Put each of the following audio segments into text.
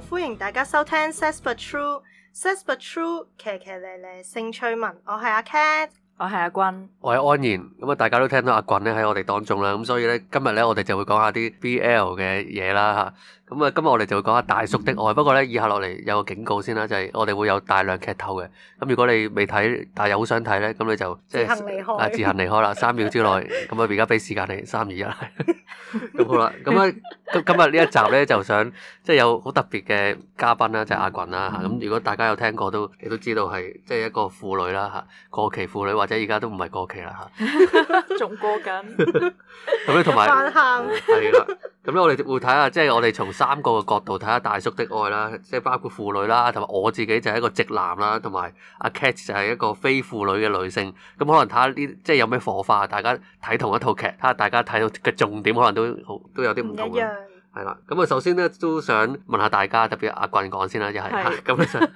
歡迎大家收聽 Says But True，Says But True 騎騎嚟嚟性趣聞，我係阿 Cat，我係阿君，我係安然，咁啊大家都聽到阿君咧喺我哋當中啦，咁所以咧今日咧我哋就會講下啲 BL 嘅嘢啦吓。咁啊，今日我哋就會講下大叔的愛。不過咧，以下落嚟有個警告先啦，就係、是、我哋會有大量劇透嘅。咁如果你未睇，但係又好想睇咧，咁你就即係自行離開啦，三秒之內。咁啊， 而家俾時間你，三二一。咁好啦，咁啊，今日呢一集咧，就想即係有好特別嘅嘉賓啦，就係、阿群啦。咁、啊、如果大家有聽過都，你都知道係即係一個婦女、啊婦女啊、啦，吓過期婦女或者而家都唔係過期啦，吓。仲過緊。咁你同埋。係啦。咁我哋會睇下，即係我哋從三個嘅角度睇下《大叔的愛》啦，即係包括婦女啦，同埋我自己就係一個直男啦，同埋阿 Catch 就係一個非婦女嘅女性。咁可能睇下呢，即係有咩火花？大家睇同一套劇，睇下大家睇到嘅重點，可能都好都有啲唔同嘅。係啦，咁啊，首先咧都想問下大家，特別阿棍講先啦，又係咁啊，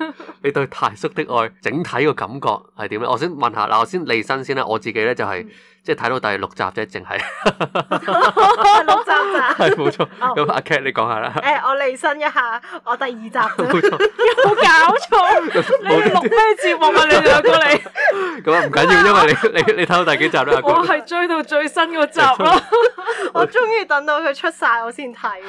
你對泰叔的愛整體個感覺係點咧？我先問下，嗱，我先離身先啦，我自己咧就係、是嗯、即係睇到第六集啫，淨係 六集啊，係冇錯。咁阿 K，你講下啦，誒、欸，我離身一下，我第二集冇錯，有 冇錯搞錯？ 你錄咩節目啊？ 你兩個嚟，咁啊？唔緊要，因為你你你睇到第幾集咧？阿棍我係追到最新個集咯， 我終於等到佢出晒，我先睇。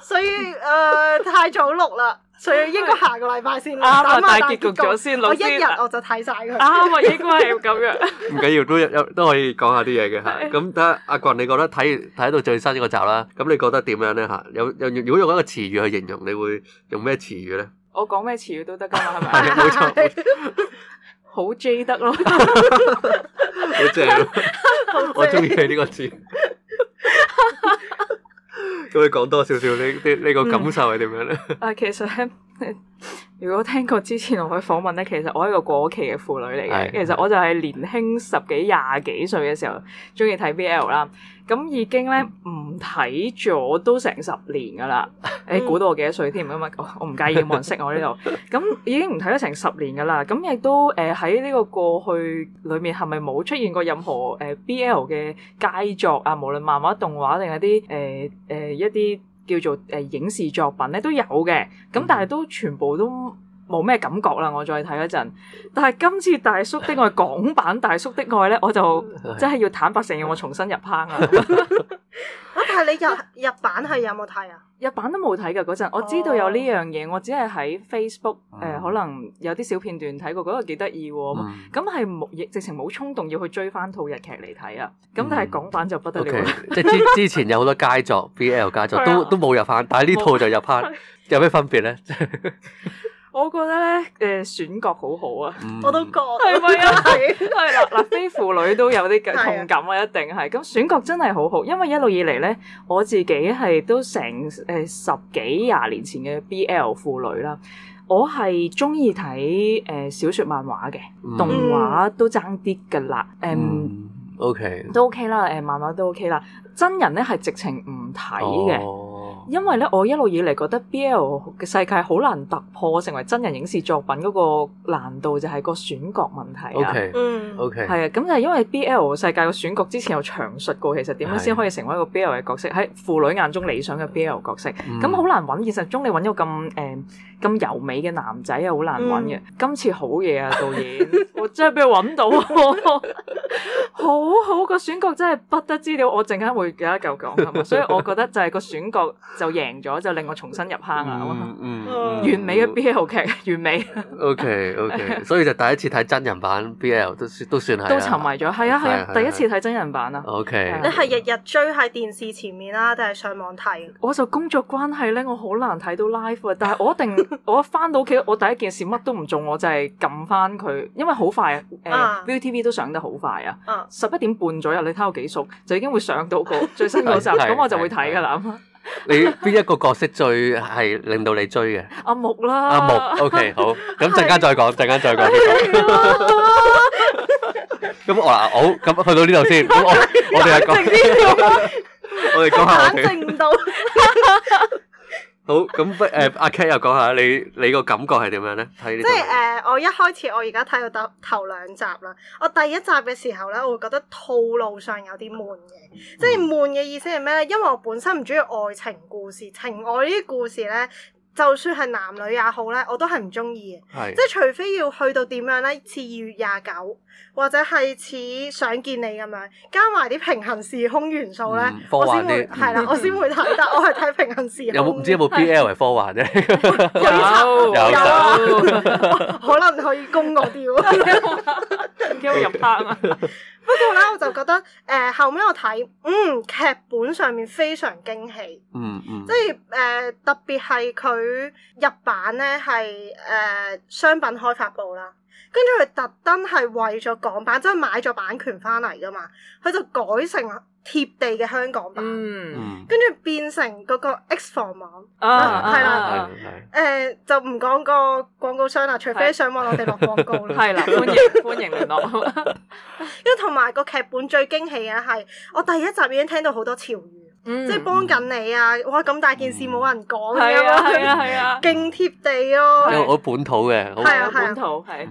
所以誒，太早錄啦，所以應該下個禮拜先啦。啱啊，大結局咗先，我一日我就睇晒佢。啱啊，應該係咁樣。唔緊要，都有都可以講下啲嘢嘅吓。咁得阿群，你覺得睇睇到最新呢個集啦？咁你覺得點樣咧吓？有有如果用一個詞語去形容，你會用咩詞語咧？我講咩詞語都得噶嘛，係咪？係冇錯，好 J 得咯。好 J 咯，我中意呢個詞。咁 你講多少少呢？呢呢個感受係點樣咧？啊，其實咧，如果聽過之前我去訪問咧，其實我係一個過期嘅腐女嚟嘅。的其實我就係年輕十幾、廿幾歲嘅時候，中意睇 BL 啦。咁已經咧唔睇咗都成十年噶啦，你估、 欸、到我幾多歲添咁啊？我唔介意冇人識我呢度，咁 已經唔睇咗成十年噶啦。咁亦都誒喺呢個過去裏面係咪冇出現過任何誒、呃、BL 嘅佳作啊？無論漫畫、動畫定係一啲誒誒一啲叫做誒、呃、影視作品咧都有嘅，咁但係都全部都。 冇咩感覺啦，我再睇一陣，但係今次《大叔的愛》港版《大叔的愛》咧，我就真係要坦白承認，我重新入坑啊！啊， 但係你入日版係有冇睇啊？日版，有有日版都冇睇噶嗰陣，我知道有呢樣嘢，我只係喺 Facebook 誒、哦呃，可能有啲小片段睇過，嗰個幾得意，咁係冇亦直情冇衝動要去追翻套日劇嚟睇啊！咁、嗯、但係港版就不得了、嗯，即係之之前有好多佳作 BL 佳作 都都冇入坑，但係呢套就入坑， 有咩分別咧？ 我覺得咧，誒、呃、選角好好啊！我都覺係咪啊？係係吧 啦，嗱，非婦女都有啲共感啊，一定係咁、嗯嗯、選角真係好好，因為一路以嚟咧，我自己係都成誒、呃、十幾廿年前嘅 BL 婦女啦，我係中意睇誒小説漫畫嘅，動畫都爭啲㗎啦，誒 OK 都 OK 啦，誒漫畫都 OK 啦，真人咧係直情唔睇嘅。哦因為咧，我一路以嚟覺得 B L 嘅世界好難突破，成為真人影視作品嗰個難度就係個選角問題啊。嗯，OK，係啊、mm.，咁就係因為 B L 世界個選角之前有詳述過，其實點樣先可以成為一個 B L 嘅角色，喺腐女眼中理想嘅 B L 角色，咁好、mm. 難揾。現實中你揾一個咁誒咁柔美嘅男仔啊，好難揾嘅。Mm. 今次好嘢啊，導演， 我真係俾佢揾到， 好好個選角，真係不得資料。我陣間會有一嚿講，所以我覺得就係個選角。 就贏咗，就令我重新入坑啊！完美嘅 BL 劇，完美。OK，OK，所以就第一次睇真人版 BL 都算都算係。都沉迷咗，係啊係啊！第一次睇真人版啊。O K，你係日日追喺電視前面啦，定係上網睇？我就工作關係咧，我好難睇到 live 啊。但係我一定我翻到屋企，我第一件事乜都唔做，我就係撳翻佢，因為好快啊！誒 ViuTV 都上得好快啊！十一點半左右，你睇我幾熟，就已經會上到個最新嗰集，咁我就會睇噶啦。你邊一個角色最係令到你追嘅？阿木啦。阿木，OK，好。咁陣間再講，陣間再講。咁我啊，好，咁去到呢度先。咁我我哋係講佢。我哋講下，我聽唔到。 好，咁誒、啊，阿 K 又講下你，你個感覺係點樣咧？即係誒，我一開始我而家睇到頭兩集啦，我第一集嘅時候咧，我會覺得套路上有啲悶嘅，即係悶嘅意思係咩咧？因為我本身唔中意愛情故事，情愛呢啲故事咧。就算係男女也好咧，我都係唔中意嘅。即係除非要去到點樣咧，似二月廿九或者係似想見你咁樣，加埋啲平行時空元素咧，我先會係啦，我先會睇。得。我係睇平行時空。有冇唔知有冇 BL 係科幻啫？有有，可能可以攻我啲喎。幾好入坑啊！不過咧，我就覺得誒、呃、後尾我睇，嗯，劇本上面非常驚喜，嗯，嗯即係誒、呃、特別係佢日版咧係誒商品開發部啦。跟住佢特登係為咗港版，即係買咗版權翻嚟噶嘛，佢就改成貼地嘅香港版，跟住變成嗰個 X 房網啊，係啦，誒就唔講個廣告商啦，除非上網我哋落廣告啦，係啦，歡迎歡迎聯絡。跟住同埋個劇本最驚喜嘅係，我第一集已經聽到好多潮語。即係幫緊你啊！哇，咁大件事冇人講嘅，係啊係啊，勁貼地咯！我我本土嘅，係啊，係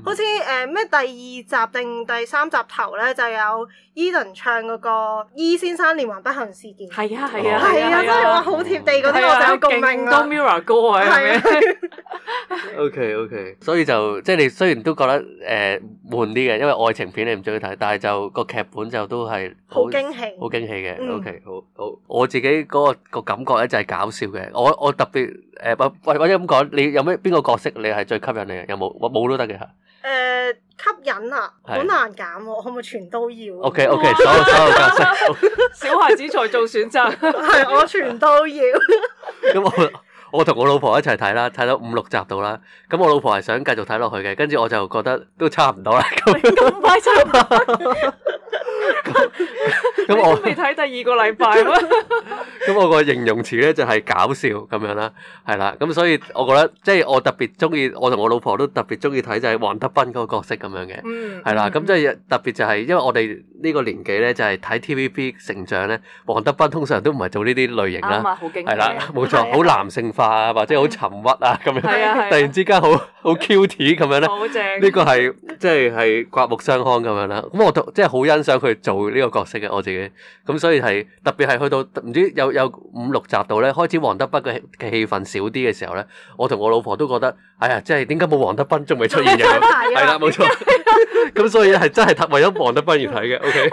好似誒咩第二集定第三集頭咧，就有 Edan 唱嗰個 E 先生連環不幸事件，係啊係啊，係啊真係話好貼地嗰啲，我哋有共鳴啊！多 Mirror 歌啊，係啊！O K O K，所以就即係你雖然都覺得誒悶啲嘅，因為愛情片你唔中意睇，但係就、個劇本就都係、okay, 好驚喜，好驚喜嘅。O K，好好，我自己嗰、個、個感覺咧就係搞笑嘅。我我特別誒，喂、呃、或者咁講，你有咩邊個角色你係最吸引你？有冇冇都得嘅吓？誒、呃，吸引啊，難是好難揀，可唔可以全都要？O K O K，所有所有，哇所有角色， 小孩子才做選擇，係 我全都要。咁我。我同我老婆一齊睇啦，睇到五六集到啦。咁我老婆係想繼續睇落去嘅，跟住我就覺得都差唔多啦。咁咁快咁我未睇第二個禮拜啦。咁我個形容詞咧就係搞笑咁樣啦，係啦。咁所以我覺得即係我特別中意，我同我老婆都特別中意睇就係黃德斌嗰個角色咁樣嘅。嗯。係啦，咁即係特別就係因為我哋呢個年紀咧，就係睇 TVB 成長咧。黃德斌通常都唔係做呢啲類型啦，係啦，冇錯，好男性化。啊，或者好沉鬱啊，咁的樣，的突然之間好好 cute 咁樣咧，呢個係即係刮目相看咁樣啦。咁我同即係好欣賞佢做呢個角色嘅我自己。咁所以係特別係去到唔知有有五六集度咧，開始黃德斌嘅嘅戲份少啲嘅時候咧，我同我老婆都覺得，哎呀，即係點解冇黃德斌仲未出現嘅？ 」係啦，冇錯。咁 所以係真係為咗黃德斌而睇嘅。O K。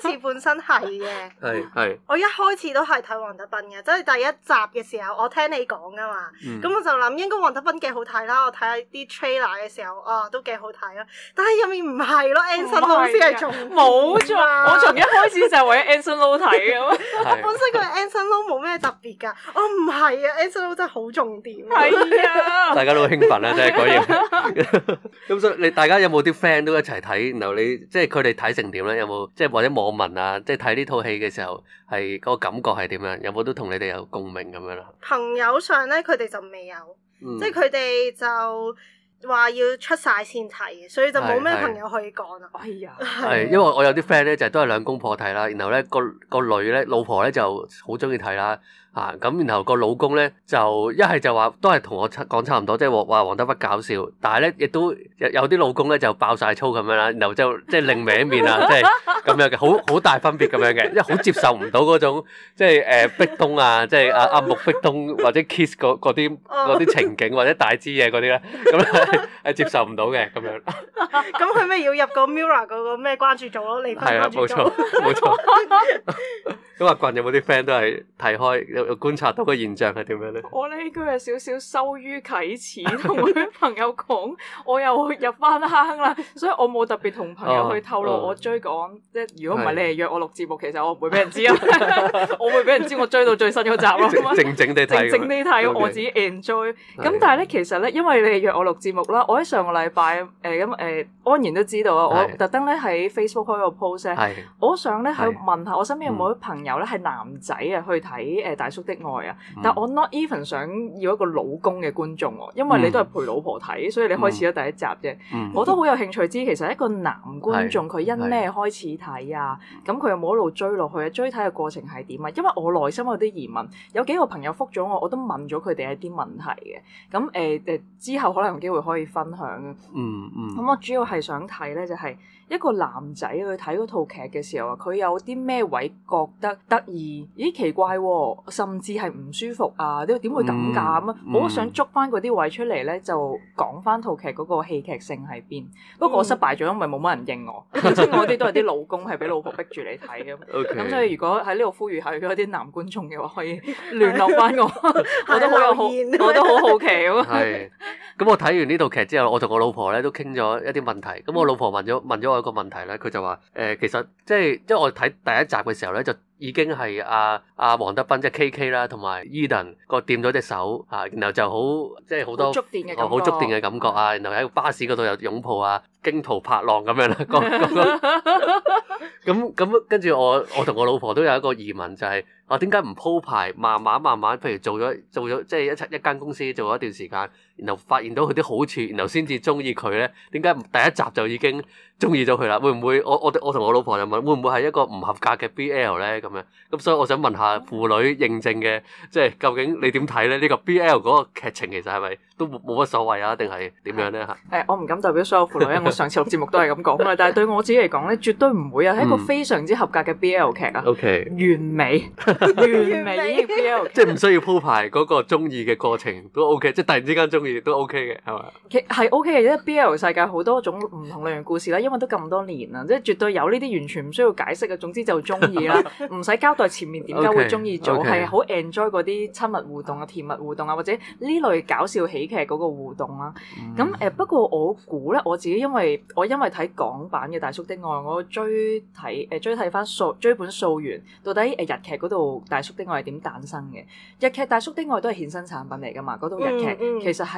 開始本身係嘅，係係。我一開始都係睇黃德斌嘅，即係第一集嘅時候，我聽你講噶嘛。咁、嗯、我就諗應該黃德斌幾好睇啦。我睇下啲 trailer 嘅時候，啊都幾好睇啦。但係入面唔係咯 Anson Lo 先係重點，冇咋，我從一開始就為 Anson Lo 睇嘅咯。本身個 Anson Lo 冇咩特別㗎，哦，唔係啊。Anson, Anson Lo 真係好重點。係啊的， 大家都興奮啦、啊，即係嗰樣。咁所以你大家有冇啲 friend 都一齊睇？然後你即係佢哋睇成點咧？有冇即係或者？或者網民啊，即係睇呢套戲嘅時候，係嗰、那個感覺係點樣？有冇都同你哋有共鳴咁樣啦？朋友上咧，佢哋就未有，嗯、即係佢哋就話要出晒先睇，所以就冇咩朋友可以講啊。哎呀，係啊，係，因為我有啲 friend 咧，就係、都係兩公婆睇啦，然後咧個個女咧，老婆咧就好中意睇啦。啊咁，然後個老公咧就一係就話都係同我差講差唔多，即係話黃德斌搞笑。但係咧亦都有有啲老公咧就爆曬粗咁樣啦，然後就即係另一面啊，即係咁樣嘅，好好大分別咁樣嘅，因為好接受唔到嗰種即係誒壁咚啊，即係阿阿木壁咚或者 kiss 嗰嗰啲嗰啲情景或者大支嘢嗰啲咧，咁係接受唔到嘅咁樣。咁佢咩要入個 MIRROR 嗰個咩關注組咯？你係啊，冇錯冇錯。咁啊，棍有冇啲 friend 都係睇開？我觀察到個現象係點樣咧？我呢句有少少羞於啟齒同啲朋友講，我又入翻坑啦，所以我冇特別同朋友去透露我追講。即係如果唔係你係約我錄節目，其實我唔會俾人知啊！我會俾人知我追到最新嗰集咯。靜靜地睇，靜靜啲睇，我自己 enjoy。咁但係咧，其實咧，因為你係約我錄節目啦，我喺上個禮拜誒咁誒，安然都知道啊！我特登咧喺 Facebook 開個 post 咧，我想咧喺問下我身邊有冇啲朋友咧係男仔啊去睇誒大。的愛啊！但我 not even 想要一個老公嘅觀眾喎、啊，因為你都係陪老婆睇，所以你開始咗第一集啫。 我都好有興趣知其實一個男觀眾佢因咩開始睇啊？咁佢又冇一路追落去啊？追睇嘅過程係點啊？因為我內心有啲疑問。有幾個朋友覆咗我，我都問咗佢哋一啲問題嘅。咁誒誒，之後可能有機會可以分享啊、嗯。嗯嗯。咁我主要係想睇咧，就係、是、一個男仔去睇套劇嘅時候，佢有啲咩位覺得得意？咦，奇怪喎、啊！甚至係唔舒服啊！呢個點會咁噶？啊，嗯、我都想捉翻嗰啲位出嚟咧，就講翻套劇嗰個戲劇性喺邊。不過我失敗咗，因為冇乜人應我，即係、嗯、 我啲都係啲老公係俾老婆逼住你睇咁。咁 所以如果喺呢度呼籲下嗰啲男觀眾嘅話，可以聯絡翻我。的我都好有，好的，我都好好奇咁。係咁的， 我睇完呢套劇之後，我同我老婆咧都傾咗一啲問題。咁我老婆問咗問咗我一個問題咧，佢就話：誒、呃，其實即係因為我睇第一集嘅時候咧就，就。已經係阿阿黃德斌即係 KK 啦，e，同埋 Eden 個掂咗隻手嚇，然後就好即係好多好觸電嘅感覺啊！哦、覺對然後喺巴士嗰度有擁抱啊，驚濤拍浪咁樣啦，嗰咁咁跟住我我同我老婆都有一個疑問，就係我點解唔鋪排慢慢慢慢，譬如做咗做咗即係一一間公司做咗一段時間。然後發現到佢啲好處，然後先至中意佢咧。點解第一集就已經中意咗佢啦？會唔會我我我同我老婆就問，會唔會係一個唔合格嘅 BL 咧？咁樣咁所以我想問下婦女認證嘅，即係究竟你點睇咧？呢個 BL 嗰個劇情其實係咪都冇乜所謂啊？定係點樣咧？嚇誒，我唔敢代表所有婦女，因為我上次錄節目都係咁講啊。但係對我自己嚟講咧，絕對唔會啊！係一個非常之合格嘅 BL 劇啊。OK，完美完美 BL，即係唔需要鋪排嗰個中意嘅過程都 OK，即係突然之間中意。都 OK 嘅，係嘛？其係 OK 嘅，即係 BL 世界好多種唔同類型故事啦。因為都咁多年啦，即係絕對有呢啲完全唔需要解釋嘅。總之就中意啦，唔使交代前面點解會中意咗，係好 enjoy 嗰啲親密互動啊、甜蜜互動啊，或者呢類搞笑喜劇嗰個互動啦。咁誒，不過我估咧，我自己因為我因為睇港版嘅《大叔的愛》，我追睇誒追睇翻數追本溯源，到底誒日劇嗰度《大叔的愛》係點誕生嘅？日劇《大叔的愛》都係衍生產品嚟噶嘛？嗰套日劇其實係。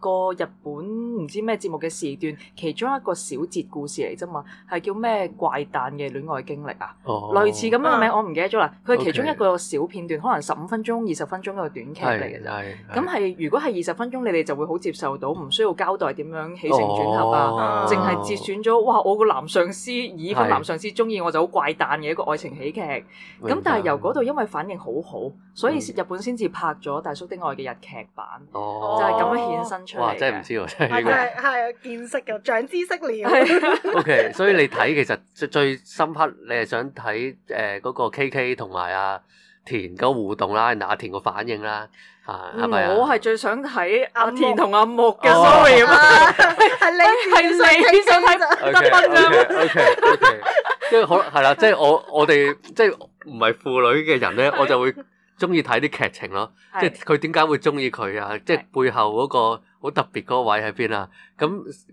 個日本唔知咩節目嘅時段，其中一個小節故事嚟啫嘛，係叫咩怪誕嘅戀愛經歷啊？哦、類似咁樣嘅名、啊、我唔記得咗啦。佢係其中一個小片段，okay, 可能十五分鐘、二十分鐘一個短劇嚟嘅啫。咁係如果係二十分鐘，你哋就會好接受到，唔需要交代點樣起承轉合啊，淨係截選咗。哇！我個男上司，已婚個男上司中意我就好怪誕嘅一個愛情喜劇。咁是白但係由嗰度因為反應好好，所以日本先至拍咗《大叔的愛》嘅日劇版，嗯、就係咁樣衍生。哇！真係唔知喎，真係係係見識嘅，長知識了。OK，所以你睇其實最深刻，你係想睇誒嗰個 KK 同埋阿田個互動啦，然後阿田個反應啦，吓，係咪啊！我係最想睇阿田同阿木嘅 sorry 嘛，係你係你先想睇得賓㗎 OK OK 即係好係啦，即係我我哋即係唔係婦女嘅人咧，我就會中意睇啲劇情咯，即係佢點解會中意佢啊？即係背後嗰個。好特別嗰位喺邊啊？咁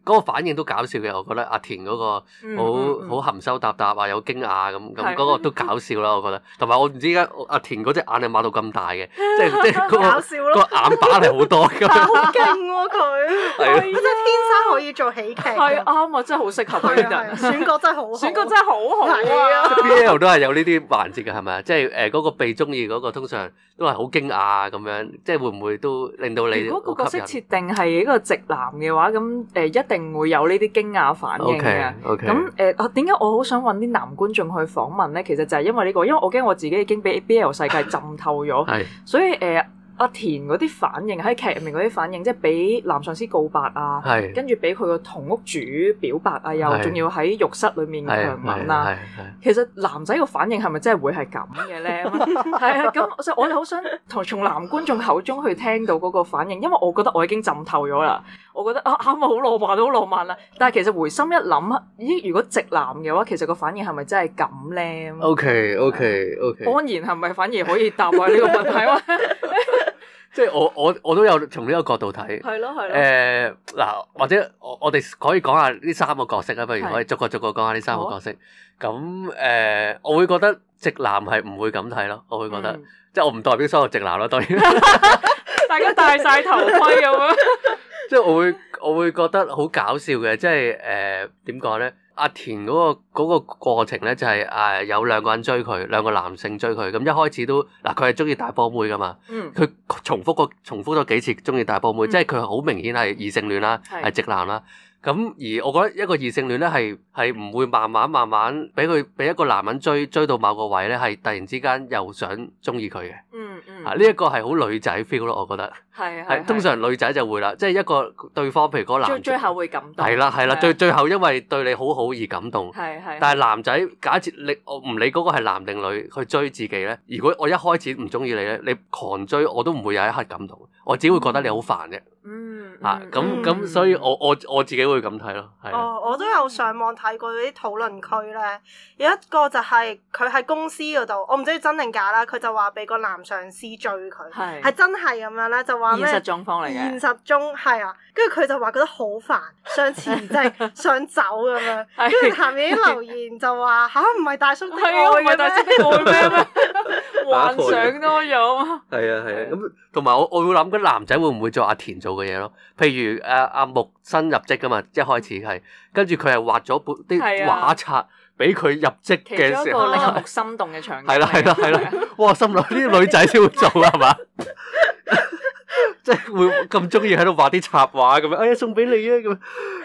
嗰個反應都搞笑嘅，我覺得阿田嗰個好好、嗯嗯、含羞答答啊，有驚訝咁，咁嗰個都搞笑啦，我覺得。同埋我唔知依家阿田嗰隻眼係擘到咁大嘅，即係即、嗰個、搞笑個個眼板係好多咁。好勁喎佢！係啊，真係、啊、天生可以做喜劇。係啱啊！真係好適合阿田。啊啊啊、選角真係好，好，選角真係好好啊！B B、啊、 L 都係有呢啲環節嘅，係咪啊？即係誒嗰個被中意嗰個，通常都係好驚訝咁樣，即係會唔會都令到你？如果個角色設定係一個直男嘅話，咁誒、呃、一定會有呢啲驚訝反應嘅。咁誒 Okay, okay.，點、呃、解我好想揾啲男觀眾去訪問咧？其實就係因為呢、呢個，因為我驚我自己已經俾 BL 世界浸透咗， 是所以誒。呃阿田嗰啲反應喺劇入面嗰啲反應，即係俾男上司告白啊，是跟住俾佢個同屋主表白啊，是又仲要喺浴室裏面強吻啊。其實男仔個反應係咪真係會係咁嘅咧？係啊， 咁所以我哋好想從從男觀眾口中去聽到嗰個反應，因為我覺得我已經浸透咗啦。我覺得啊，啱、啊、好、啊啊啊、浪漫好浪漫啦、啊。但係其實回心一諗，咦？如果直男嘅話，其實個反應係咪真係咁咧？OK，OK，OK。安然係咪反而可以答啊呢個問題？ 即係我我我都有從呢個角度睇，係咯係咯。誒嗱、呃，或者我我哋可以講下呢三個角色啊，不如可以逐個逐個講下呢三個角色。咁誒的、嗯嗯，我會覺得直男係唔會咁睇咯，我會覺得即係我唔代表所有直男咯，當然 大家戴晒頭盔咁樣。 即係我會我會覺得好搞笑嘅，即係誒點講咧？呃阿田嗰個嗰個過程咧，就係誒有兩個人追佢，兩個男性追佢。咁一開始都嗱，佢係中意大波妹㗎嘛。嗯。佢重複過重複咗幾次中意大波妹，嗯、即係佢好明顯係異性戀啦，係直男啦。咁而我覺得一個異性戀咧，係係唔會慢慢慢慢俾佢俾一個男人追追到某個位咧，係突然之間又想中意佢嘅。嗯。呢一、啊呢個係好女仔 feel 咯，我覺得係係係通常女仔就會啦，係係即係一個對方譬如嗰男最，最最後會感動係啦係啦，最最後因為對你好好而感動。係係。但係男仔，假設你我唔理嗰個係男定女去追自己咧，如果我一開始唔中意你咧，你狂追我都唔會有一刻感動，我只會覺得你好煩啫。嗯，嗯、啊。嚇咁咁，所以我我我自己會咁睇咯。哦，嗯嗯、我都有上網睇過啲討論區咧，有一個就係佢喺公司嗰度，我唔知係真定假啦，佢就話俾個男上司。醉佢係真係咁樣啦，就話咩？現實狀況嚟嘅。現實中係啊，跟住佢就話覺得好煩，想辭職， 想走咁樣。跟住下面留言就話吓，唔、啊、係大叔愛嘅咩？唔係、啊、大叔愛咩？咩？ 幻想多咗。係啊係啊，咁同埋我我會諗，嗰男仔會唔會做阿田做嘅嘢咯？譬如阿阿木新入職噶嘛，一開始係，跟住佢係畫咗本啲畫冊。俾佢入職嘅時候，你有冇心動嘅場景係啦係啦係啦，哇！心諗呢啲女仔先會做啊，係嘛？即係會咁中意喺度畫啲插畫咁樣，哎呀送俾你啊咁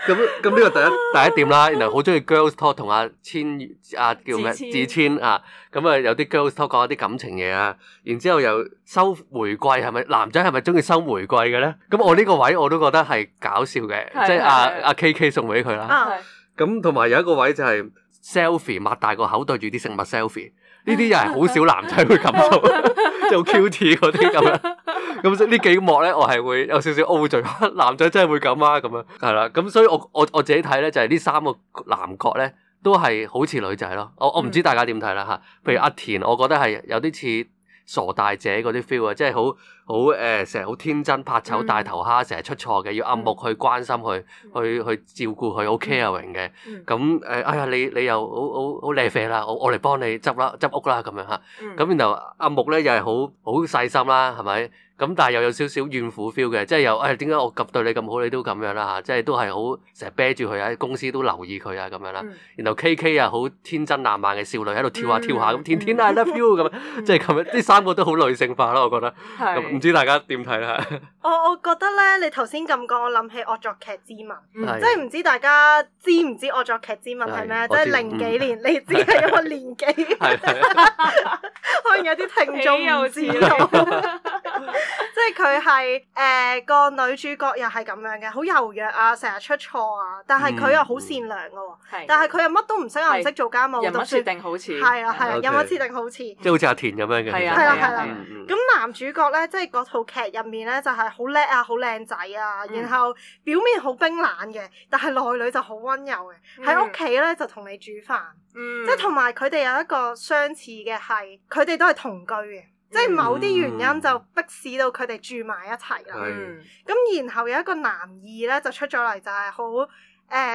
咁咁呢個第一第一點啦。然後好中意 girls talk，同阿千阿叫咩？子千啊，咁啊有啲 girls talk 講一啲感情嘢啊。然之後又收玫瑰，係咪男仔係咪中意收玫瑰嘅咧？咁我呢個位我都覺得係搞笑嘅，即係阿阿 K K 送俾佢啦。咁同埋有一個位就係。selfie 擘大個口對住啲食物 selfie 呢啲又係好少男仔會咁做，即係好 cute 嗰啲咁樣咁，即呢幾幕咧，我係會有少少 O 嘴，男仔真係會咁啊？咁樣係啦，咁所以我我我自己睇咧就係呢三個男角咧都係好似女仔咯，我我唔知大家點睇啦吓，嗯、譬如阿田，我覺得係有啲似。傻大姐嗰啲 feel 啊，即係好好誒，成日好天真，怕醜大頭蝦，成日出錯嘅，要阿木去關心佢，嗯、去去照顧佢，好 caring 嘅。咁誒、okay，啊呃，哎呀，你你又好好好靚肥啦，我我嚟幫你執啦，執屋啦咁樣嚇。咁、嗯、然後阿木咧又係好好細心啦，係咪？咁但係又有少少怨婦 feel 嘅，即係又誒點解我及對你咁好，你都咁樣啦嚇，即係都係好成日啤住佢喺公司都留意佢啊咁樣啦。然後 K K 啊，好天真爛漫嘅少女喺度跳下跳下，咁天天 I love you 咁，即係咁樣呢三個都好女性化啦，我覺得。係 的。唔知大家點睇咧？我我覺得咧，你頭先咁講，我諗起惡作劇之吻，即係唔知大家知唔知惡作劇之吻係咩？即係零幾年，你知係一個年紀， 可能有啲聽眾唔知 即係佢係誒個女主角又係咁樣嘅，好柔弱啊，成日出錯啊，但係佢又好善良嘅、啊。嗯、但係佢又乜都唔識，是又唔識做家務。人物設定好似係啦，係人物設定好似即係好似阿田咁樣嘅。係啦，係啦、啊。咁、啊啊啊嗯、男主角咧，即係嗰套劇入面咧，就係好叻啊，好靚仔啊，嗯、然後表面好冰冷嘅，但係內裏就好温柔嘅。喺屋企咧就同你煮飯，嗯、即係同埋佢哋有一個相似嘅係，佢哋都係同居嘅。即係某啲原因就逼使到佢哋住埋一齊啦。咁的然後有一個男二咧就出咗嚟，就係好誒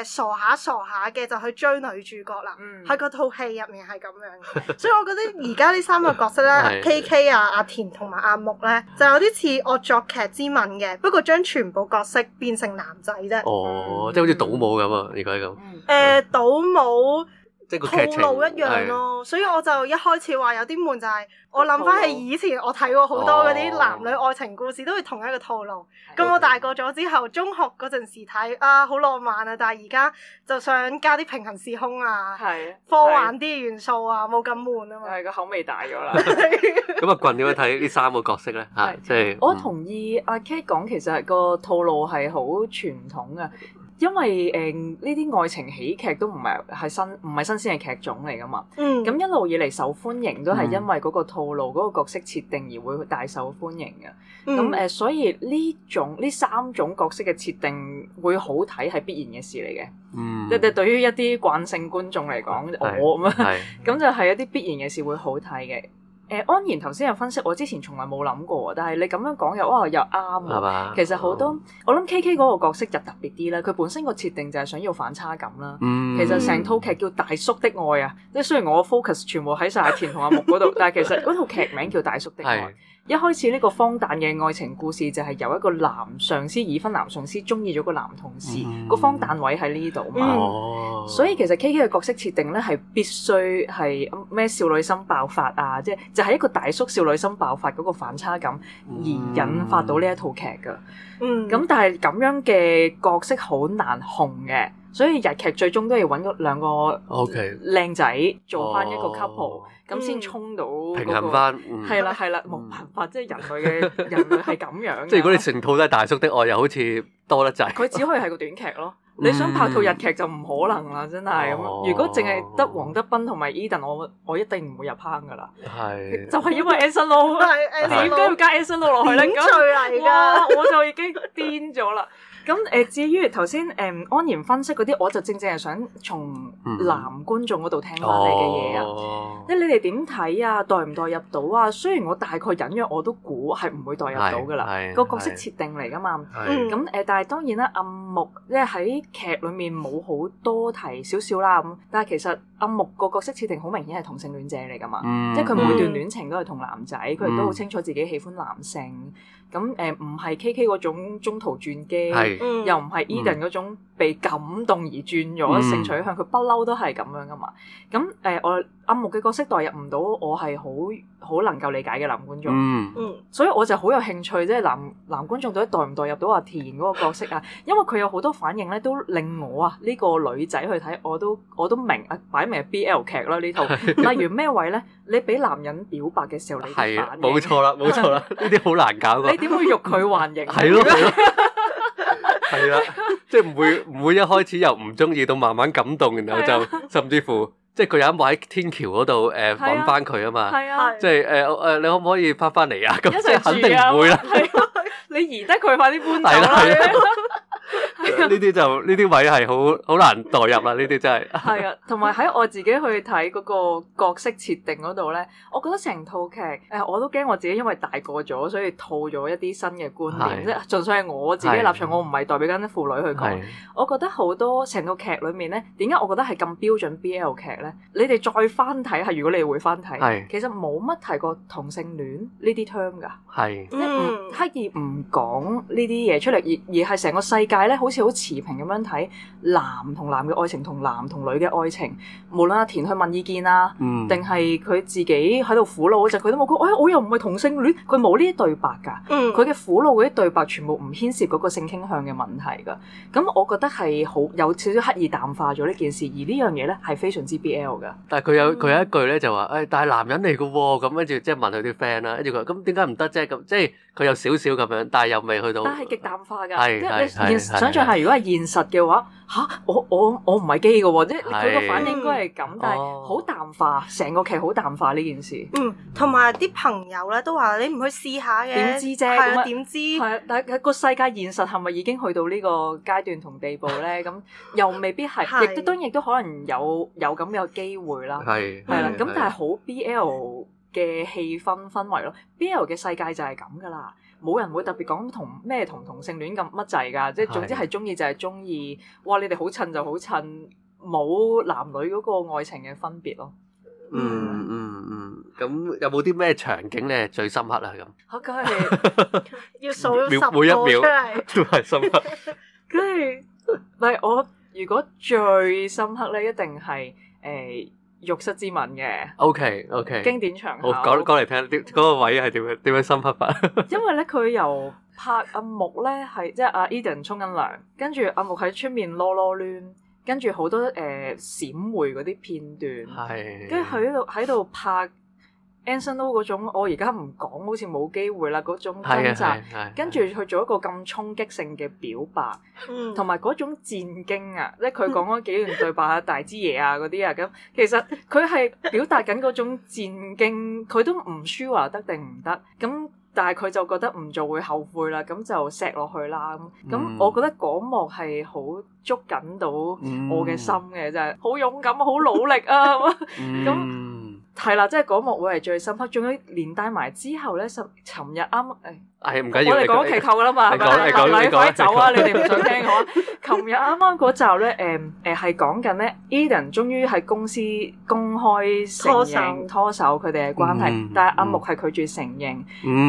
傻下傻下嘅，就去追女主角啦。喺嗰套戲入面係咁樣， 所以我覺得而家呢三個角色咧 的，K K 啊、阿田同埋阿木咧，就有啲似惡作劇之吻嘅，不過將全部角色變成男仔啫。哦，即係好似賭舞咁啊？而家咁誒賭舞。嗯呃即套路一樣咯，是所以我就一開始話有啲悶，就係、是、我諗翻起以前我睇過好多嗰啲男女愛情故事，都係同一個套路。咁、哦、我大個咗之後，中學嗰陣時睇啊好浪漫啊，但係而家就想加啲平行時空啊、科幻啲元素啊，冇咁悶啊嘛。係個口味大咗啦。咁啊，棍點樣睇呢三個角色咧？係即係我同意阿、啊、K 講，其實個套路係好傳統嘅。因為誒呢啲愛情喜劇都唔係係新唔係新鮮嘅劇種嚟㗎嘛，咁、嗯、一路以嚟受歡迎都係因為嗰個套路嗰個角色設定而會大受歡迎嘅，咁誒、嗯呃、所以呢種呢三種角色嘅設定會好睇係必然嘅事嚟嘅，嗯、即係對於一啲慣性觀眾嚟講我咁啊，咁 就係一啲必然嘅事會好睇嘅。誒、呃、安然頭先有分析，我之前從來冇諗過，但係你咁樣講又哇、哦、又啱喎。吧其實好多、oh. 我諗 K K 嗰個角色就特別啲啦。佢本身個設定就係想要反差感啦。Mm. 其實成套劇叫《大叔的愛》啊，即係雖然我嘅 focus 全部喺曬阿田同阿木嗰度， 但係其實嗰套劇名叫《大叔的愛》。 一開始呢個荒誕嘅愛情故事就係由一個男上司，已婚男上司中意咗個男同事，個荒誕位喺呢度嘛，嗯哦、所以其實 K K 嘅角色設定咧係必須係咩少女心爆發啊，即係就係、是、一個大叔少女心爆發嗰個反差感而引發到呢一套劇噶，咁、嗯嗯、但係咁樣嘅角色好難紅嘅。所以日劇最終都要揾個兩個靚仔做翻一個 couple，咁先衝到平衡翻。係啦，係啦，冇辦法。即係人類嘅人類係咁樣。即係如果你成套都係大叔的愛，又好似多得滯。佢只可以係個短劇咯。你想拍套日劇就唔可能啦，真係。如果淨係得黃德斌同埋 Edan 我我一定唔會入坑噶啦。係。就係因為 Anson Lo 點解要加 Anson Lo 落去咧？翡翠嚟㗎，我就已經癲咗啦。咁誒、呃，至於頭先誒安然分析嗰啲，我就正正係想從男觀眾嗰度聽翻你嘅嘢啊！即係、哦、你哋點睇啊？代唔代入到啊？雖然我大概隱約我都估係唔會代入到噶啦，個角色設定嚟噶嘛。咁誒、呃，但係當然小小啦，阿木即係喺劇裏面冇好多提少少啦咁。但係其實阿木個角色設定好明顯係同性戀者嚟噶嘛，嗯、即係佢每段戀情都係同男仔，佢、嗯、亦都好清楚自己喜歡男性。咁誒唔係 K K 嗰種中途轉機，是又唔係 Eden 嗰種被感動而轉咗性取向，佢不嬲都係咁樣噶嘛。咁誒、呃、我。阿木嘅角色代入唔到，我係好好能夠理解嘅男觀眾，嗯，所以我就好有興趣，即係男男觀眾到底代唔代入到阿田嗰個角色啊？因為佢有好多反應咧，都令我啊呢個女仔去睇，我都我都明啊，擺明係 BL 劇啦呢套。 例如咩位咧？你俾男人表白嘅時候，你係冇錯啦，冇錯啦，呢啲好難搞。 你點會欲佢還形？係咯， 係啦，即係唔會唔會一開始又唔中意，到慢慢感動，然後就， 然後就甚至乎。即係佢有一幕喺天橋嗰度，誒揾翻佢啊嘛，啊即係誒誒，你可唔可以拍翻嚟啊？咁，啊、即係肯定唔會啦，啊啊，你移得佢快啲搬走啦，啊。 呢啲 就呢啲位係好好難代入啦，呢啲真係係啊，同埋喺我自己去睇嗰個角色設定嗰度咧，我覺得成套劇誒，我都驚我自己因為大個咗，所以套咗一啲新嘅觀念，是即係純粹係我自己立場，是我唔係代表緊啲婦女去講。是我覺得好多成個劇裏面咧，點解我覺得係咁標準 BL 劇咧？你哋再翻睇係，如果你會翻睇，是其實冇乜提過同性戀呢啲 term 噶，係，嗯，刻意唔講呢啲嘢出嚟，而而係成個世界。但係咧，好似好持平咁樣睇男同男嘅愛情同男同女嘅愛情，無論阿田去問意見啊，定係佢自己喺度苦惱，就佢都冇講。我又唔係同性戀，佢冇呢啲對白㗎。佢嘅苦惱嗰啲對白全部唔牽涉嗰個性傾向嘅問題㗎。咁我覺得係好有少少刻意淡化咗呢件事，而呢樣嘢咧係非常之 BL 㗎。但係佢有佢有一句咧就話誒，但係男人嚟㗎喎，咁跟住即係問佢啲 friend 啦，跟住佢咁點解唔得啫？咁即係佢有少少咁樣，但係又未去到。但係極淡化㗎。係係係。想象下，如果係現實嘅話，嚇、啊、我我我唔係基嘅喎，即係佢個反應應該係咁，嗯、但係好淡化，成個劇好淡化呢件事。嗯，同埋啲朋友咧都話：你唔去試下嘅點知啫？係啊、哎呀，點、嗯、知？係啊，但係個世界現實係咪已經去到呢個階段同地步咧？咁 又未必係，亦都當然亦都可能有有咁嘅機會啦。係係啦，咁 但係好 B L 嘅氣氛氛圍咯，B L 嘅世界就係咁㗎啦。冇人會特別講同咩同同性戀咁乜滯㗎，即係總之係中意就係中意。哇！你哋好襯就好襯，冇男女嗰個愛情嘅分別咯。嗯嗯嗯，咁有冇啲咩場景咧最深刻啊？咁梗係要數每一秒，都係深刻。跟住唔係我？如果最深刻咧，一定係誒。浴室之吻嘅，OK OK，經典場口，好講講嚟聽，點、那、嗰個位係點樣點樣深刻法？ 因為咧，佢由拍阿木咧，係即係阿 Eden 沖緊涼，跟住阿木喺出面囉囉攣，跟住好多誒、呃、閃回嗰啲片段，係是跟住喺度喺度拍。Angel 嗰種，我而家唔講，好似冇機會啦嗰種掙扎，跟住去做一個咁衝擊性嘅表白，同埋嗰種戰驚啊！即係佢講嗰幾段對白 啊，大支嘢啊嗰啲啊咁，其實佢係表達緊嗰種戰驚，佢都唔輸話得定唔得，咁但係佢就覺得唔做會後悔啦，咁就錫落去啦。咁，咁我覺得嗰幕係好捉緊到我嘅心嘅，嗯、真係好勇敢，好努力啊！咁、 嗯。 係啦，即係嗰幕會係最深刻，仲要連帶埋之後咧。尋日啱誒，我哋講祈求噶啦嘛，男你快走啊！你哋唔想聽我？尋日啱啱嗰集咧，誒誒係講緊咧，Ethan 終於喺公司公開承認拖手佢哋嘅關係，但係阿木係拒絕承認。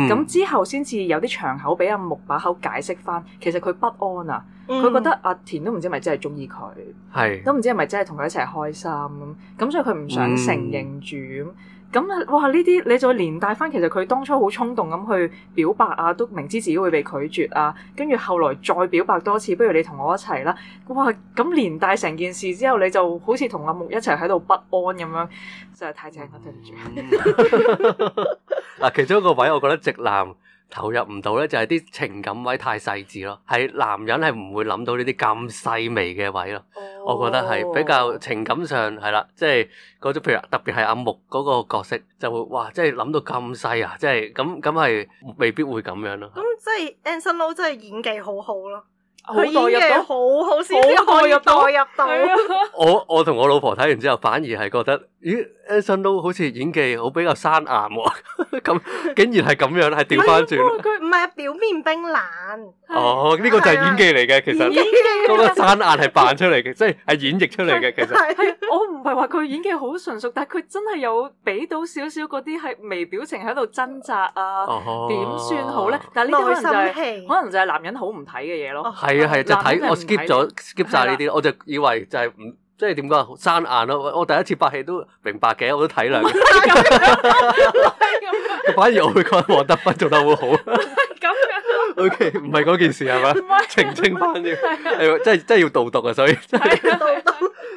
咁之後先至有啲場口俾阿木把口解釋翻，其實佢不安啊。佢、嗯、覺得阿田都唔知係咪真係中意佢，是都唔知係咪真係同佢一齊開心咁，咁所以佢唔想承認住咁，咁啊、嗯、哇呢啲你再連帶翻，其實佢當初好衝動咁去表白啊，都明知自己會被拒絕啊，跟住後來再表白多次，不如你同我一齊啦，哇咁連帶成件事之後，你就好似同阿木一齊喺度不安咁樣，真係太正啦，嗯、對唔住。嗱其中一個位，我覺得直男。投入唔到咧，就係、是、啲情感位太細緻咯。係男人係唔會諗到呢啲咁細微嘅位咯。Oh. 我覺得係比較情感上係啦，即係嗰種譬如特別係阿木嗰個角色就會哇，即係諗到咁細啊，即係咁咁係未必會咁樣咯。咁即係 Anson Lo 真係演技好好咯。佢演技好好先好代入到。我我同我老婆睇完之後，反而係覺得，咦 Anson 好似演技好比較生硬喎。咁竟然係咁樣，係調翻轉。佢唔係表面冰冷。哦，呢個就係演技嚟嘅，其實。演技啊！嗰個生硬係扮出嚟嘅，即係係演繹出嚟嘅，其實。係我唔係話佢演技好純熟，但係佢真係有俾到少少嗰啲係微表情喺度掙扎啊，點算好咧？但係呢啲可能就係可能就係男人好唔睇嘅嘢咯。係啊，就睇我 skip 咗 skip 晒呢啲，的我就以為就係唔，即係點講啊，生硬咯。我第一次拍戲都明白嘅，我都體諒。 反而我會覺得黃德斌做得好好。唔係咁樣。O K，唔係嗰件事係咪？澄清翻先。係啊。係真係要導讀啊？所以真係導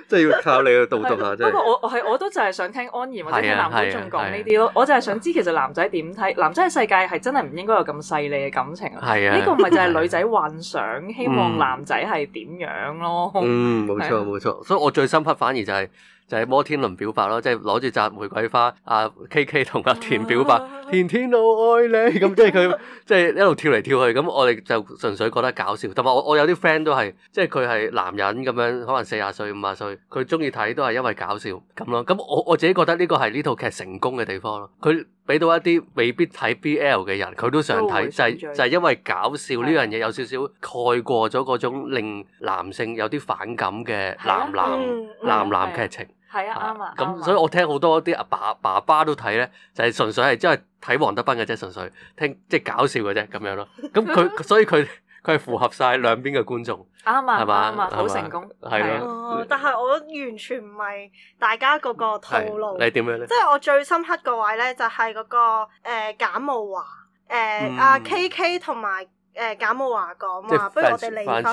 讀，要靠你去導讀下。不過我我係我都就係想聽安怡或者男仔仲講呢啲咯。我就係想知其實男仔點睇？男仔嘅世界係真係唔應該有咁細膩嘅感情。係啊。呢個唔係就係女仔幻想希望男仔係點樣咯？嗯，冇錯冇錯。所以我最深刻反而就係就係摩天輪表白咯，即係攞住紮玫瑰花，阿 K K 同阿田表白。天天都愛你咁，跟住佢即係一路跳嚟跳去咁，我哋就純粹覺得搞笑。同埋我我有啲 friend 都係，即係佢係男人咁樣，可能四十歲五十歲，佢中意睇都係因為搞笑咁咯。咁我我自己覺得呢個係呢套劇成功嘅地方咯。佢俾到一啲未必睇 BL 嘅人，佢都想睇，就係就係因為搞笑呢樣嘢有少少蓋過咗嗰種令男性有啲反感嘅男男男男劇情。係啊，啱啊！咁所以我聽好多啲阿爸爸，爸爸都睇咧，就係純粹係即係睇黃德斌嘅啫，純粹聽即係搞笑嘅啫咁樣咯。咁佢所以佢佢係符合晒兩邊嘅觀眾，啱 吧啊，係、啊、嘛、啊啊，好成功係吧啊。啊但係我完全唔係大家嗰個套路，啊，你點樣咧？即係我最深刻個位咧，就係嗰個誒簡慕華誒阿 K K 同埋。誒，賈慕華講話，不如我哋離婚。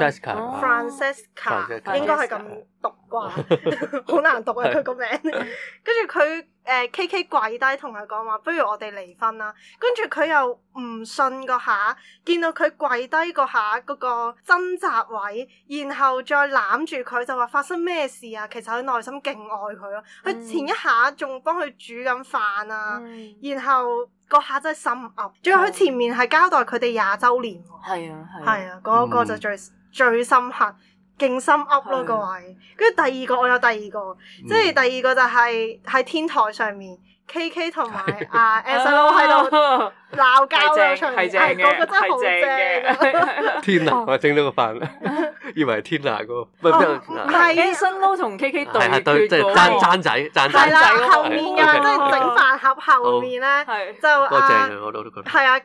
Francesca 應該係咁讀啩，好難讀啊佢個名。跟住佢誒，K K 跪低同佢講話，不如我哋離婚啦。跟住佢又唔信個下，見到佢跪低下個下嗰個掙扎位，然後再攬住佢就話發生咩事啊？其實佢內心勁愛佢咯，佢、嗯、前一下仲幫佢煮緊飯啊，然後。嗰下真係深噏，仲要佢前面係交代佢哋廿周年，係啊係啊，嗰、啊啊嗰個就最、嗯、最深刻，勁深噏咯、啊啊、位跟住第二個我有第二個，嗯、即係第二個就係、是、喺天台上面，KK 同埋阿 Solo 喺度。 鬧交又長，係我覺得真係好正。天啊，我整咗個飯，以為係天啊個，唔係。唔係，阿孫都同 K K 對，即係爭爭仔，爭仔。係啦，後面啊，即係整飯盒後面咧，就阿係啊，誒，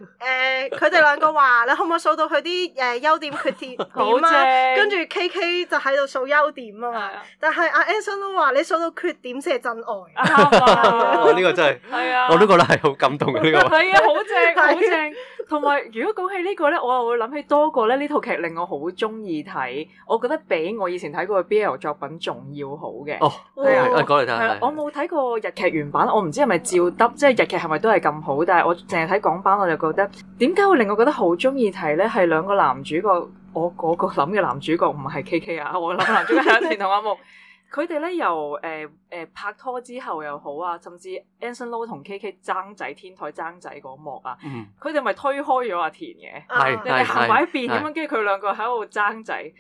佢哋兩個話你可唔可以數到佢啲誒優點缺點點啊？跟住 K K 就喺度數優點啊，但係阿孫都話你數到缺點先係真愛。啊，呢個真係，係啊，我都覺得係好感動嘅呢個。係啊，好。正好正，同埋 如果講起呢，這個咧，我又會諗起多個咧。呢套劇令我好中意睇，我覺得比我以前睇過嘅 B L 作品仲要好嘅。哦，係、 哦、啊，講嚟聽。係啊，我冇睇過日劇原版，我唔知係咪照得，即係日劇係咪都係咁好。但係我淨係睇港版，我就覺得點解會令我覺得好中意睇咧？係兩個男主角，我嗰個諗嘅男主角唔係 K K 啊，我諗男主角係前同阿木。 佢哋咧由誒誒、呃呃、拍拖之後又好啊，甚至 Anson Lo 同 KK 爭仔天台爭仔嗰幕啊，佢哋咪推開咗阿田嘅，你哋行埋一邊咁樣，跟住佢兩個喺度爭仔。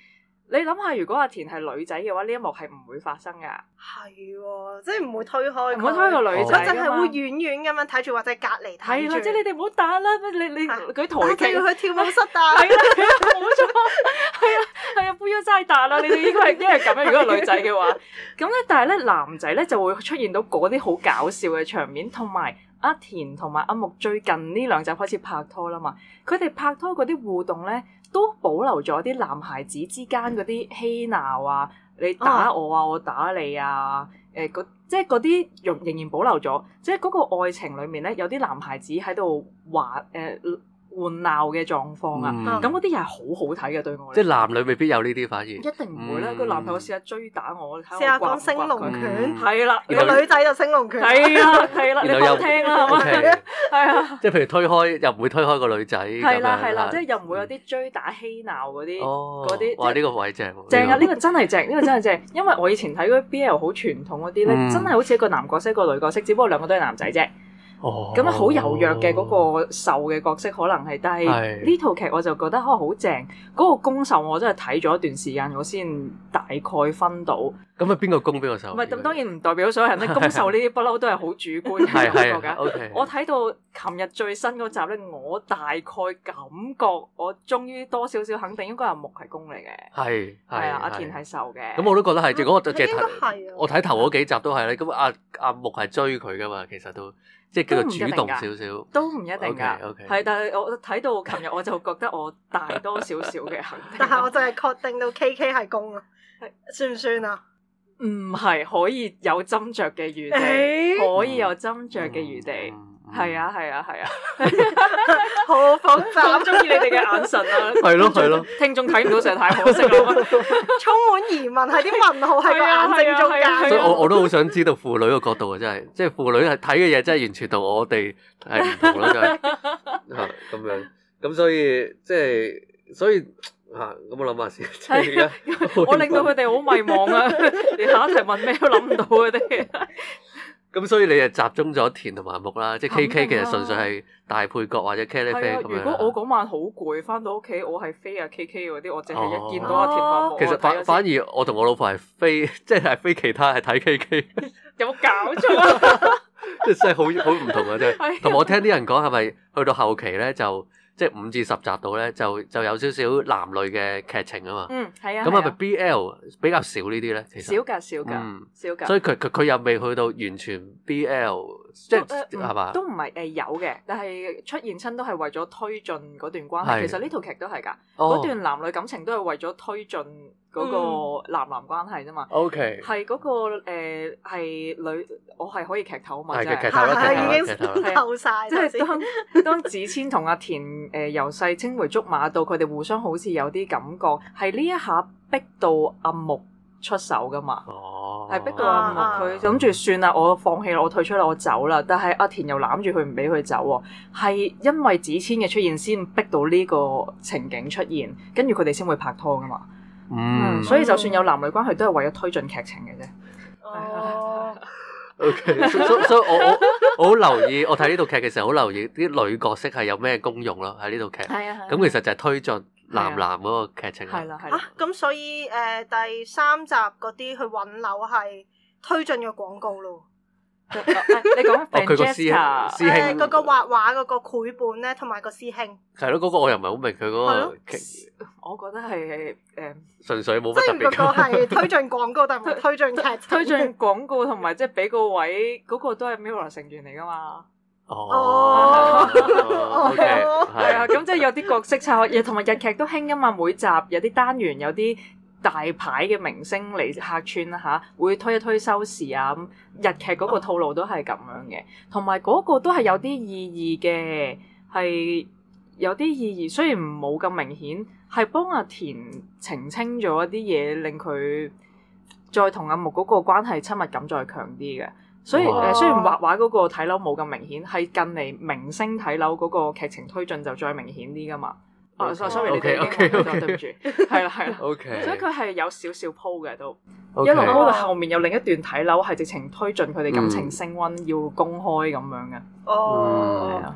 你諗下，如果阿田係女仔嘅話，呢一幕係唔會發生噶？係喎、哦，即係唔會推開，唔會推開個女仔，即係會遠遠咁樣睇住，或者隔籬睇住，或者、啊、你哋唔好打啦。你你佢、啊、台劇去跳舞室打，係啊，冇錯，係啊，係啊，杯腰齋打啦。你哋應該係因為咁樣， 啊、如果係女仔嘅話，咁咧， 但係咧男仔咧就會出現到嗰啲好搞笑嘅場面，同埋。阿田同埋阿木最近呢兩集開始拍拖啦嘛，佢哋拍拖嗰啲互動咧，都保留咗啲男孩子之間嗰啲嬉鬧啊，你打我啊，我打你啊，誒、啊呃，即係嗰啲仍仍然保留咗，即係嗰個愛情裡面咧，有啲男孩子喺度話誒、呃玩鬧嘅狀況啊，咁嗰啲又係好好睇嘅對我嚟講。即係男女未必有呢啲反應。一定唔會啦，個男朋友試下追打我，試下講升龍拳，係啦，如果女仔就升龍拳，係啦，係啦，你快聽啦，係啊。即係譬如推開又唔會推開個女仔，係啦係啦，即係又唔會有啲追打嬉鬧嗰啲嗰啲。哇！呢個位正正啊！呢個真係正，呢個真係正，因為我以前睇嗰啲 BL 好傳統嗰啲咧，真係好似一個男角色一個女角色，只不過兩個都係男仔啫。咁啊，好柔弱嘅嗰個受嘅角色可能係，低。呢套劇我就覺得哦好正。嗰個攻受我真係睇咗一段時間，我先大概分到。咁啊，邊個攻邊個受？唔係，咁當然唔代表所有人咧。攻受呢啲不嬲都係好主觀嘅。我睇到琴日最新嗰集咧，我大概感覺我終於多少少肯定應該係木係攻嚟嘅。係係啊，阿田係受嘅。咁我都覺得係，即係嗰個即係睇我睇頭嗰幾集都係咧。咁阿阿木係追佢㗎嘛，其實都。即係叫做主動少少，都唔一定噶。係 Okay, okay.，但係我睇到琴日我就覺得我大多少少嘅肯定。但係我就係確定到 KK 係公啊，算唔算啊？唔係、嗯、可以有斟酌嘅餘地，可以有斟酌嘅餘地。 嗯嗯係啊係啊係啊，好，況攬中意你哋嘅眼神啊！係咯係咯，聽眾睇唔到實在太可惜， 充滿疑問係啲問號，喺個 眼睛中間所所。所以我我都好想知道婦女個角度啊，真係即係婦女係睇嘅嘢，真係完全同我哋係唔同啦。真係嚇咁樣咁，所以即係所以嚇咁，啊、我諗下先。 我令到佢哋好迷茫啊！你 下一題問咩都諗唔到佢哋。 咁所以你就集中咗田同埋木啦，即係 K K 其實純粹係大配角或者 Kelly 咁、啊、樣。如果我嗰晚好攰，翻到屋企我係飛啊 K K 嗰啲，我淨係一見到阿田阿木、哦、其實反反而我同我老婆係飛，即係係飛其他係睇 K K。有冇搞錯？真係好好唔同啊！即係、 啊，同埋我聽啲人講係咪去到後期咧就？即係五至十集到咧，就就有少少男女嘅劇情啊嘛。嗯，係啊。咁咪 BL 比較少呢啲咧，其實少㗎，少㗎，嗯、少㗎的。所以佢佢佢又未去到完全 B.L. 即係都唔係誒有嘅，但係出現親都係為咗推進嗰段關係。是其實呢套劇都係噶，嗰、哦、段男女感情都係為咗推進嗰個男男關係啫嘛。O K，係嗰個誒係、呃、女，我係可以劇透咪啫，係透是，已經透晒。即係當 當子千同阿田誒由細青梅竹馬到，佢哋互相好似有啲感覺，係呢一下逼到阿木。出手噶嘛？係逼、哦、到阿木佢諗住算啦，我放棄啦，我退出啦，我走啦。但係阿田又攬住佢，唔俾佢走喎、啊。係因為子謙嘅出現，先逼到呢個情景出現，跟住佢哋先會拍拖噶嘛。嗯，嗯，所以就算有男女關係，都係為咗推進劇情嘅啫。哦，所以所以，我我好留意，我睇呢套劇嘅時候好留意啲女角色係有咩功用咯。喺呢套劇，係啊，咁其實就係推進。男男嗰個劇情係、啊、啦，嚇咁、啊、所以誒、呃、第三集嗰啲去揾樓係推進個廣告咯。 哎、你講佢個師兄，誒嗰個畫畫嗰個 繪本咧，同埋個師兄係咯，嗰、嗰個我又唔係好明佢嗰個，我覺得係誒、嗯、純粹冇即係嗰個係推進廣告， 但係唔係推進劇 推進廣告同埋即係俾個位嗰、嗰個都係 Mirror 成員嚟噶嘛。哦，係啊、oh, okay, 咁即係有啲角色差，同埋 日劇都興啊嘛。每集有啲單元，有啲大牌嘅明星嚟客串啦，吓會推一推收視啊。日劇嗰個套路都係咁樣嘅，同埋嗰個都係有啲意義嘅，係有啲意義。雖然冇咁明顯，係幫阿田澄清咗一啲嘢，令佢再同阿木嗰個關係親密感再強啲嘅。所以誒，雖然畫畫嗰個睇樓冇咁明顯，係近嚟明星睇樓嗰個劇情推進就再明顯啲噶嘛。啊，sorry，你已經講咗，對唔住，係啦係啦。所以佢係有少少鋪嘅都，一路鋪到後面有另一段睇樓，係直情推進佢哋感情升溫，要公開咁樣嘅。哦。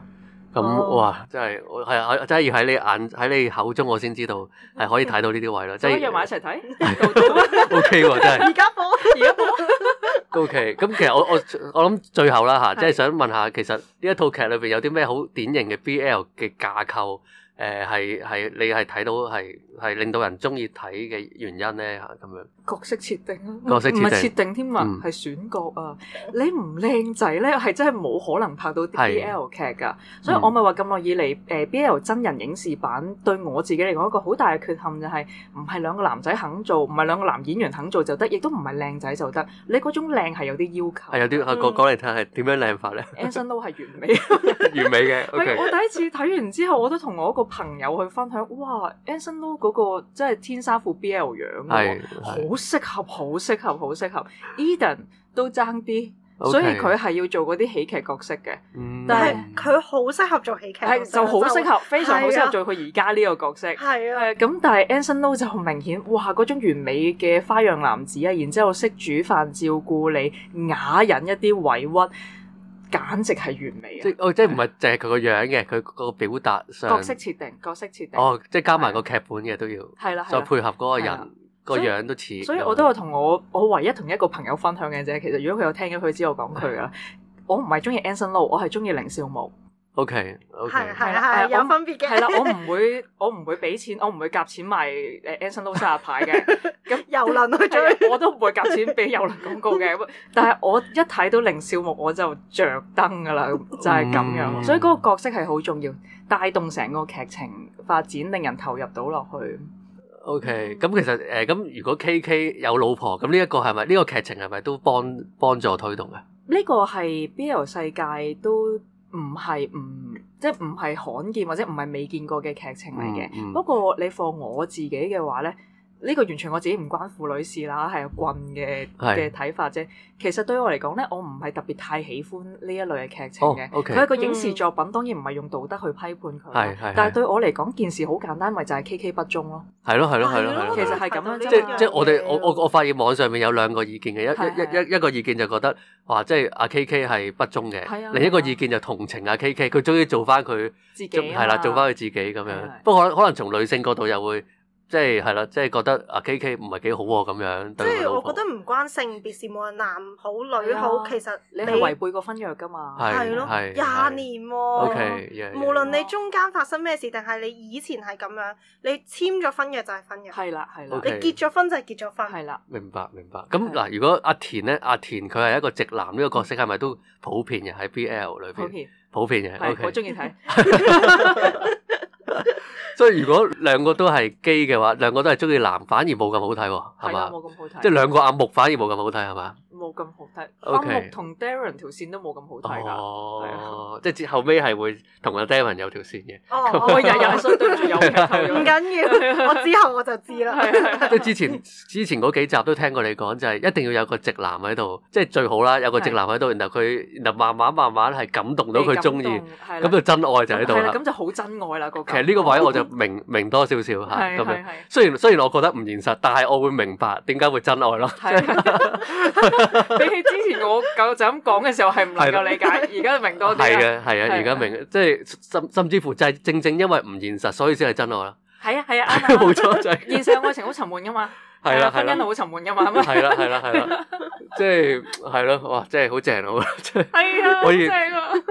咁、嗯、哇，真係，係啊，真係要喺你眼喺你口中，我先知道係可以睇到呢啲位咯。即係約埋一齊睇。O K，真係是。而家 播，而家播。O K，咁其實我我我諗最後啦吓，即係想問下，其實呢一套劇裏邊有啲咩好典型嘅 B L 嘅架構？誒、呃，係係你係睇到係係令到人中意睇嘅原因咧吓咁樣。角色設定啊，唔係設定添啊，係、嗯、選角啊！你唔靚仔咧，係真係冇可能拍到啲 BL 劇㗎。的所以我咪話咁耐以嚟，誒、呃、BL 真人影視版對我自己嚟講一個好大嘅缺陷就係，唔係兩個男仔肯做，唔係兩個男演員肯做就得，亦都唔係靚仔就得。你嗰種靚係有啲要求，係有啲點，嗯、講講嚟睇下係點樣靚法咧 Anson Lo 係完美， 完美嘅。Okay. 我第一次睇完之後，我都同我一個朋友去分享，哇 Anson Lo 嗰個真係天生副 BL 樣喎， 好適合，好適合，好適合。Eden 都爭啲，所以佢係要做嗰啲喜劇角色嘅。但係佢好適合做喜劇，係就好適合，非常好適合做佢而家呢個角色。係啊，咁但係 Anson Lo 就好明顯，哇，嗰種完美嘅花樣男子啊，然之後識煮飯照顧你，啞忍一啲委屈，簡直係完美啊！即哦，即係唔係淨係佢個樣嘅，佢個表達上角色設定，角色設定哦，即係加埋個劇本嘅都要，係啦，再配合嗰個人。個樣都似，所以我都係同我我唯一同一個朋友分享嘅啫。其實如果佢有聽咗佢之後講佢啦，我唔係中意 Anson Lo，我係中意凌少木。OK，係係係有分別嘅。係啦，我唔會我唔會俾錢，我唔會夾錢買誒 Anson Lo 生日牌嘅。咁遊輪我最我都唔會夾錢俾遊輪廣告嘅。 但係我一睇到凌少木，我就着燈噶啦，就係、是、咁樣。嗯、所以嗰個角色係好重要，帶動成個劇情發展，令人投入到落去。O K，咁其實誒，咁、呃、如果 K K 有老婆，咁呢一個係咪呢個劇情係咪都幫幫助推動啊？呢個係 B L 世界都唔係唔即係唔係罕見或者唔係未見過嘅劇情嚟嘅。嗯嗯、不過你放我自己嘅話咧。呢個完全我自己唔關婦女事啦，係阿棍嘅嘅睇法啫。其實對我嚟講咧，我唔係特別太喜歡呢一類嘅劇情嘅。佢、oh, okay 個影視作品嗯嗯，當然唔係用道德去批判佢，但係對我嚟講，件事好簡單，咪就係 K K 不忠咯。係咯係咯係咯，其實係咁樣。即即我哋我我我發現網上面有兩個意見嘅，一一一一個意見就覺得，哇，即係阿 K K 係不忠嘅。另一個意見就同情阿 K K，佢終於做翻佢自己係啦，做翻佢自己咁樣。不過的可能可能從女性角度又會。即係係啦，即係覺得阿 K K 唔係幾好喎、啊，咁樣對佢老婆。即係我覺得唔關性別事，冇論男好女好，啊、其實你係違背過婚約噶嘛，係咯，廿年、喔。O K，廿年。無論你中間發生咩事，定係你以前係咁樣，你簽咗婚約就係婚約。係啦，係啦。你結咗婚就係結咗婚。係啦。明白，明白。咁嗱，如果阿田咧，阿田佢係一個直男呢個角色，係咪都普遍嘅喺 B L 裏邊？普遍，普遍嘅、okay。係，我中意睇。所以如果兩個都係基嘅話，兩個都係中意男反而冇咁好睇喎，係嘛？即係兩個阿木反而冇咁好睇，係嘛？冇咁好睇，阿木同 Darren 條線都冇咁好睇哦，即係後尾係會同阿 Darren 有條線嘅。哦，我日日都對住，唔緊要。我之後我就知啦。即係之前之前嗰幾集都聽過你講，就係一定要有個直男喺度，即係最好啦。有個直男喺度，然後佢然慢慢慢慢係感動到佢中意，咁就真愛就喺度啦。咁就好真愛啦個。其實呢個位我就明明多少少吓，咁樣。雖然雖然我覺得唔現實，但係我會明白點解會真愛咯。比起之前我就就咁講嘅時候係唔能夠理解，而家明多啲。係嘅，係啊，而家明，即係甚甚至乎就係正正因為唔現實，所以先係真愛啦。係啊，係啊，啱啦。冇錯，就係現實愛情好沉悶噶嘛。係啊，係啦，婚姻好沉悶噶嘛。係啦，係啦，係啦。即係係咯，哇！真係好正，我真係。係啊，可以。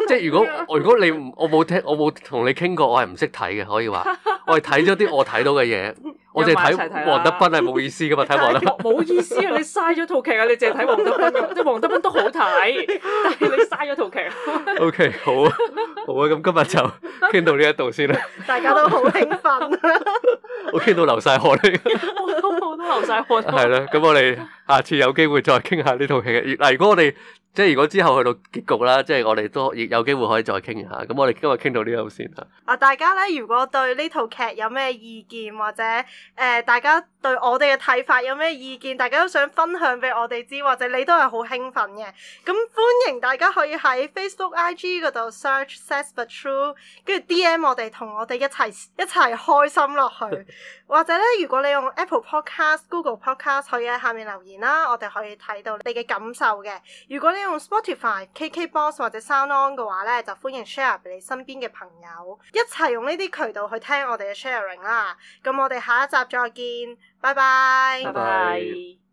即係如果如果你我冇聽我冇同你傾過，我係唔識睇嘅。可以話我係睇咗啲我睇到嘅嘢。我哋淨係睇黃德斌係冇意思噶嘛？睇黃德斌？冇意思啊！你嘥咗套劇啊！你淨係睇黃德斌，即係 黃,黃德斌都好睇，但係你嘥咗套劇。OK，好啊，好啊，咁今日就傾到呢一度先啦。 大家都好興奮啊！ 我傾到流晒汗，我都我流晒汗。係啦，咁我哋下次有機會再傾下呢套劇。如果我哋。即係如果之後去到結局啦，即係我哋都亦有機會可以再傾下。咁我哋今日傾到呢度先吓。啊，大家咧，如果對呢套劇有咩意見，或者誒、呃，大家對我哋嘅睇法有咩意見，大家都想分享俾我哋知，或者你都係好興奮嘅，咁歡迎大家可以喺 Facebook、IG 度 search says for true，跟住 DM 我哋，同我哋一齊一齊開心落去。 或者咧，如果你用 Apple Podcast、Google Podcast 可以喺下面留言啦，我哋可以睇到你嘅感受嘅。如果你。用 Spotify、KKBox 或者 SoundOn 嘅話咧，就歡迎 share 俾你身邊嘅朋友，一齊用呢啲渠道去聽我哋嘅 sharing 啦。咁我哋下一集再見，拜拜。